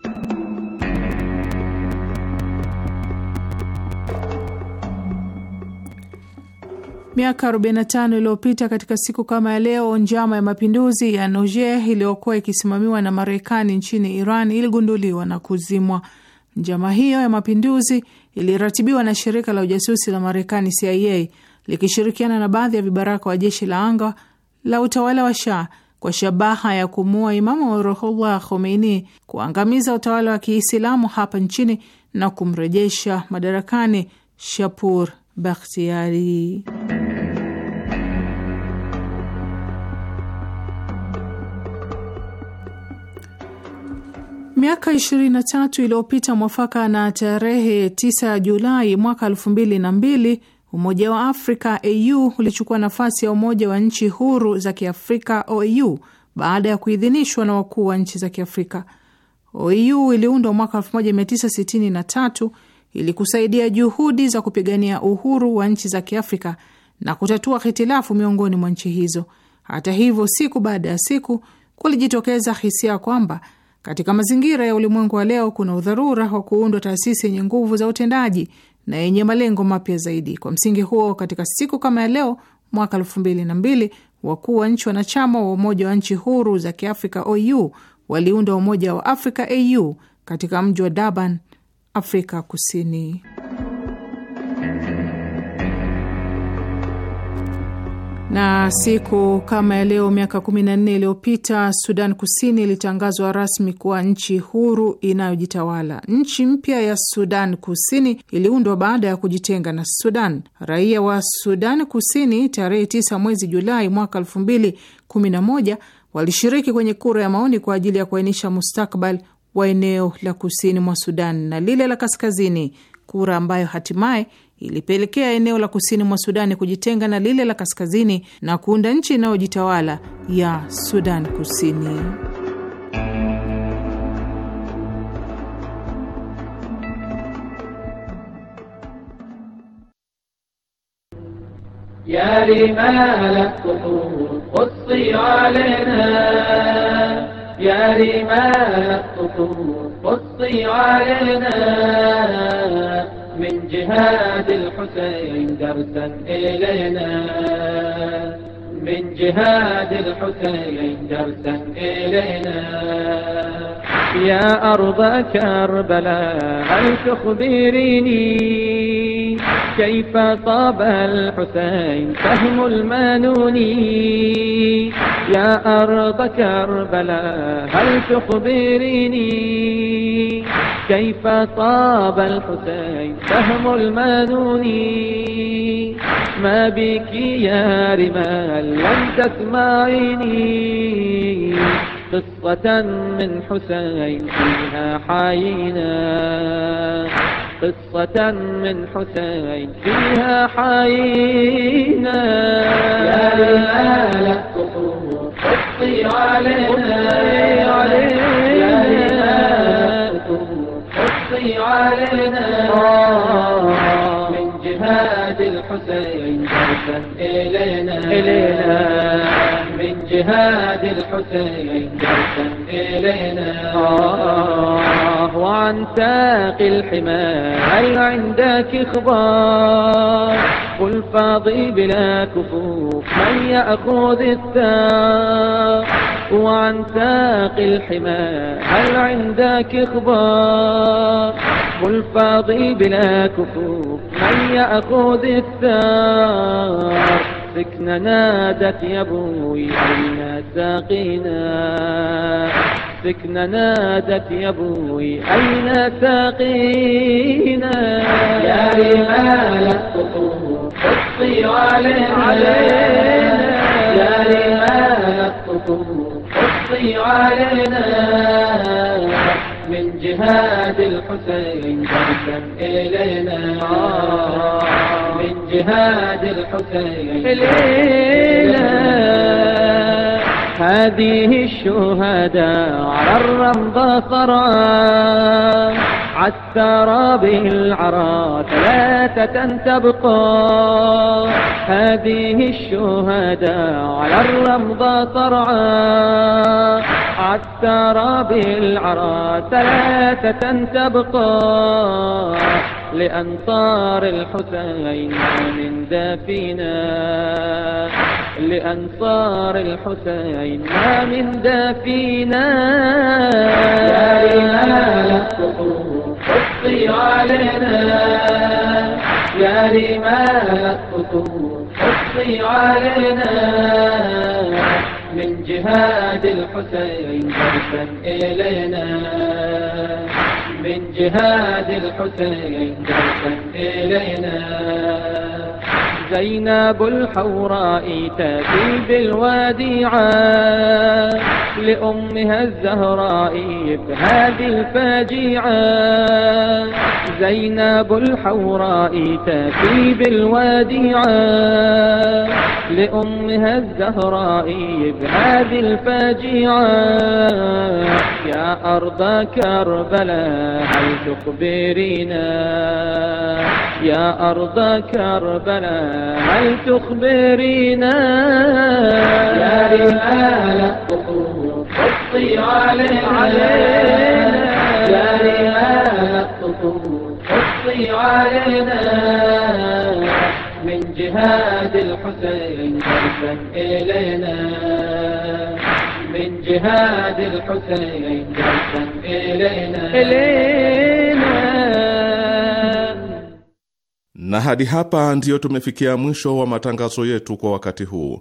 Miaka 45 iliyopita katika siku kama ya leo, njama ya mapinduzi ya Nojeh iliyokuwa ikisimamiwa na Marekani nchini Iran iligunduliwa na kuzimwa. Njama hiyo ya mapinduzi iliratibiwa na shirika la ujasusi la Marekani CIA likishirikiana na baadhi ya vibaraka wa jeshi la anga la utawala wa Shah kwa shabaha ya kumuua Imamu Ruhullah Khomeini, kuangamiza utawala wa Kiislamu hapa nchini na kumrejesha madarakani Shapur Bakhtiari. Miaka 23 iliyopita mwafaka na tarehe 9 Julai mwaka 2002, Umoja wa Afrika AU ulichukua nafasi ya Umoja wa Nchi Huru za Kiafrika OAU baada ya kuidhinishwa na wakuu wa nchi za Kiafrika. OAU iliundwa mwaka 1963 ili kusaidia juhudi za kupigania uhuru wa nchi za Kiafrika na kutatua hitilafu miongoni mwa nchi hizo. Hata hivyo, siku baada ya siku kulijitokeza hisia kwamba katika mazingira ya ulimwengu wa leo kuna udharura wa kuundwa taasisi yenye nguvu za utendaji na yenye malengo mapya zaidi. Kwa msingi huo, katika siku kama ya leo mwaka elfu mbili na mbili wakuu wa nchi wanachama wa Umoja wa Nchi Huru za Kiafrika OU waliunda Umoja wa Afrika AU katika mji wa Durban Afrika Kusini. Na siku kama ya leo miaka 14 iliyopita Sudan Kusini ilitangazwa rasmi kuwa nchi huru inayojitawala. Nchi mpya ya Sudan Kusini iliundwa baada ya kujitenga na Sudan. Raia wa Sudan Kusini tarehe 9 mwezi Julai mwaka 2011 walishiriki kwenye kura ya maoni kwa ajili ya kuainisha mustakbal wa eneo la kusini mwa Sudan na lile la kaskazini, kura ambayo hatimaye ilipelekea eneo la kusini mwa Sudani kujitenga na lile la kaskazini na kuunda nchi inayojitawala ya Sudan Kusini. Ya يا رمال الطفول قصي علينا من جهاد الحسين درسا إلينا من جهاد الحسين درسا إلينا يا أرض كربلاء هل تخبريني كيف طاب الحسين فهم المانون يا أرض كربلاء هل تخبريني كيف طاب الحسين فهم المانون ما بك يا رمال لم تسمعيني قصة من حسين فيها حيينا قصة من حسين فيها حيينا يا للآلة قصور حطي علينا يا للآلة علينا من آه. جهاد الحسين دربت إلينا إلينا من جهاد الحسين دربت إلينا آه، وعن ساق الحمار هل عندك إخبار قل فاضي بلا كفوف من يأخذ الثار وعن ساق الحمار هل عندك إخبار الحق الفاضل بلا كفوف من يأخذ الثار سكن نادت يا ابوي أين ساقينا سكن نادت يا ابوي أين ساقينا يا رمال الطفوف حطي علينا يا رمال الطفوف حطي علينا من جهاد الحسين قدم إلينا من جهاد الحسين إلينا هذه الشهداء على الرمض طرى عثر به العرى ثلاثة تبقى هذه الشهداء على الرمض طرعا حتى رابي العرى ثلاثة تبقى لأنصار الحسين من دافنا لأنصار الحسين ما من دافنا يا لما للسطور حصي علينا يا لما للسطور حصي علينا جهاد الحسين ضيفا إلينا من جهاد الحسين ضيفا إلينا زينب الحوراء تأتي بالواديعة لأمها الزهراء بهذه الفاجعة زينب الحوراء تفي بالوادي لأمها الزهراء بهذه الفاجعة يا أرض كربلاء هل تخبرينا يا أرض كربلاء هل تخبرينا يا رمال الطفور حطي علينا يا رمال الطفور علينا من جهاد الحسين إلينا من جهاد الحسين إلينا إلينا. Na hadi hapa ndiyo tumefikia mwisho wa matangazo yetu kwa wakati huu.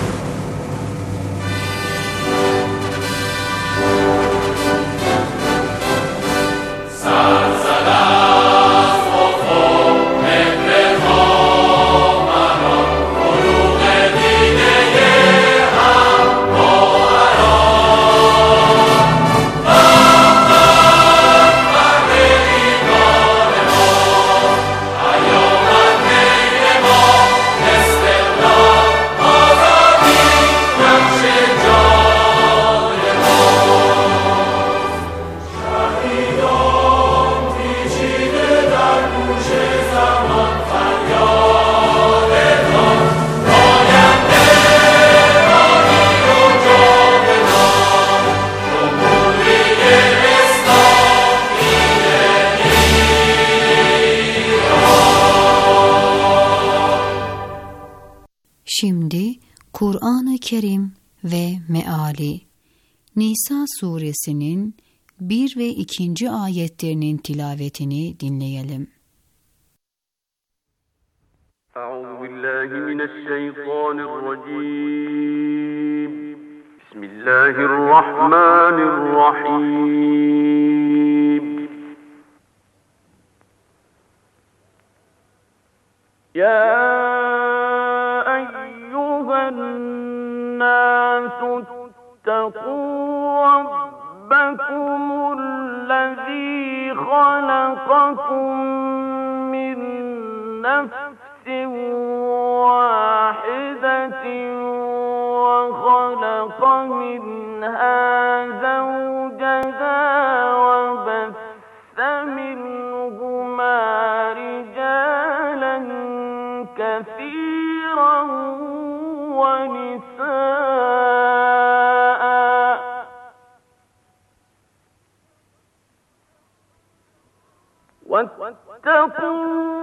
ikinci ayetlerinin tilavetini dinleyelim. أعوذ بالله من الشيطان الرجيم بسم الله الرحمن الرحيم يا أيها الناس اتقوا ربكم الله الذي خلقكم من نفس واحدة وخلق منها زوجها فاتقوا